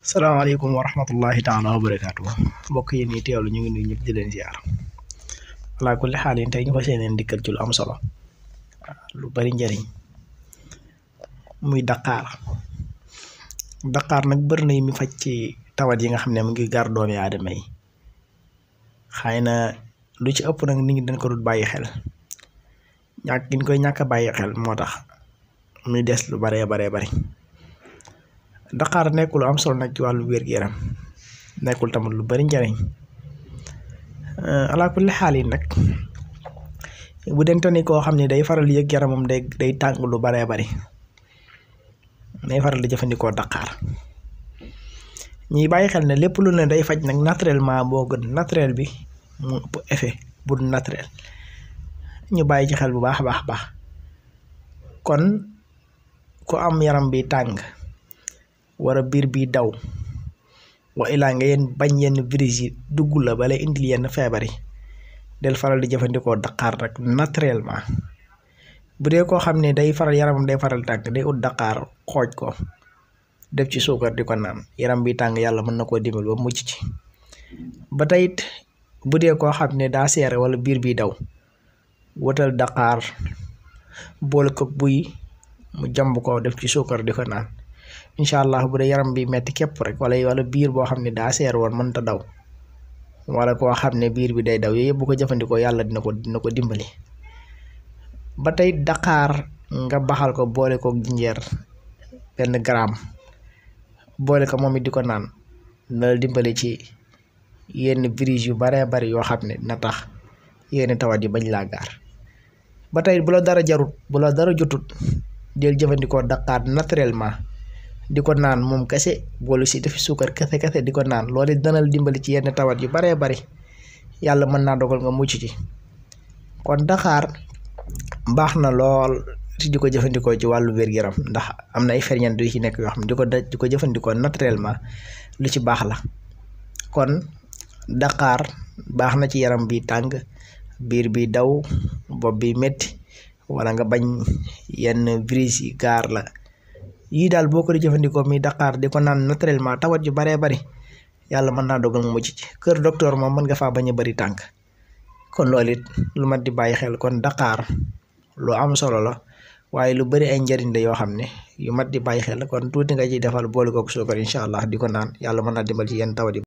salaamaaleykum wa rahmatullahi taala wa barakaatu mbokk yi nii teewlu ñu ngi nuyu ñëpp di leen ziar kulli xaalin dikkal ci lu am solo lu bari njariñ muy daqaar nag bëri na mi faj ci tawat yi nga xam ne mu ngi gar doomi aadama yi xëy na lu ci ëpp nag ni ñi dañ ko dul bàyyi xel ñàkk gi ñu koy ñàkk a bàyyi xel moo tax muy des lu baree baree bari. daqaar nekkul am solo nag ci wàllu wér-gu-yaram nekkul tamit lu bari njariñ eh, alaa kulli xaal yi nag bu dente koo xam ne day faral yëg yaramam day day tàng lu baree bari day faral di jëfandikoo daqaar ñuy bàyyi xel ne lépp lu ne day faj nag naturellement boo gën naturel bi mu ëpp effet bu naturel ñu bàyyi ci xel bu baax a baax baax kon ku am yaram bi tàng wara biir bi daw wa illaa nga yenn bañ yenn virus yi dugg la bala indil yenn feebar yi del faral di jëfandikoo daqaar rek naturellement bu dee koo xam ne day faral yaramam day faral tàng day ut daqaar xooj ko def ci suukar di ko naan yaram bi tànk yàlla mën na koo dimbal ba mucc ci ba tey it bu dee koo xam ne daa seere wala biir bi daw wutal daqaar boole ko buy mu jàmb ko def ci suukar di ko naan incha allah bu dee yaram bi metti képp rek wala biir boo xam ne daa seer woon mënta daw wala koo xam ne biir bi day daw yooyu yëpp bu ko jëfandikoo yàlla dina ko dina ko dimbali ba tey daqaar nga baxal ko boole ko jinjeer benn garaam boole ko moom it di ko naan dina dimbali ci yenn virus yu baree bari yoo xam ne dina tax yenn tawat yi bañ laa gaar ba tey bu dara jarut bu la dara jotut jël jëfandikoo daqaar naturellement di ko naan moom kese boolu si def sukar kese kese di ko naan loole danal dimbali ci yenn tawat yu bare bare yàlla mën naa dogal nga mucc ci kon daxaar baax na lool ci di ko jëfandikoo ci wàllu wér-yaram ndax am na ay ferñeent yu ci nekk yoo xam di ko naturellement lu ci baax la kon daxaar baax na ci yaram bi tàng biir bi daw bopp bi metti wala nga bañ yenn virus yi gaar la yi dal boko di jëfëndiko mi Dakar diko nan naturellement tawat ju bare bare yalla man na dogal mu ci keur docteur mom man nga fa baña bari tank kon lolit lu ma di baye xel kon Dakar lu am solo la waye lu bari ay njariñ la yo xamne yu mat di baye xel kon tuti nga ci defal bolu ko sukar inshallah diko nan yalla man na dimbal ci yeen tawat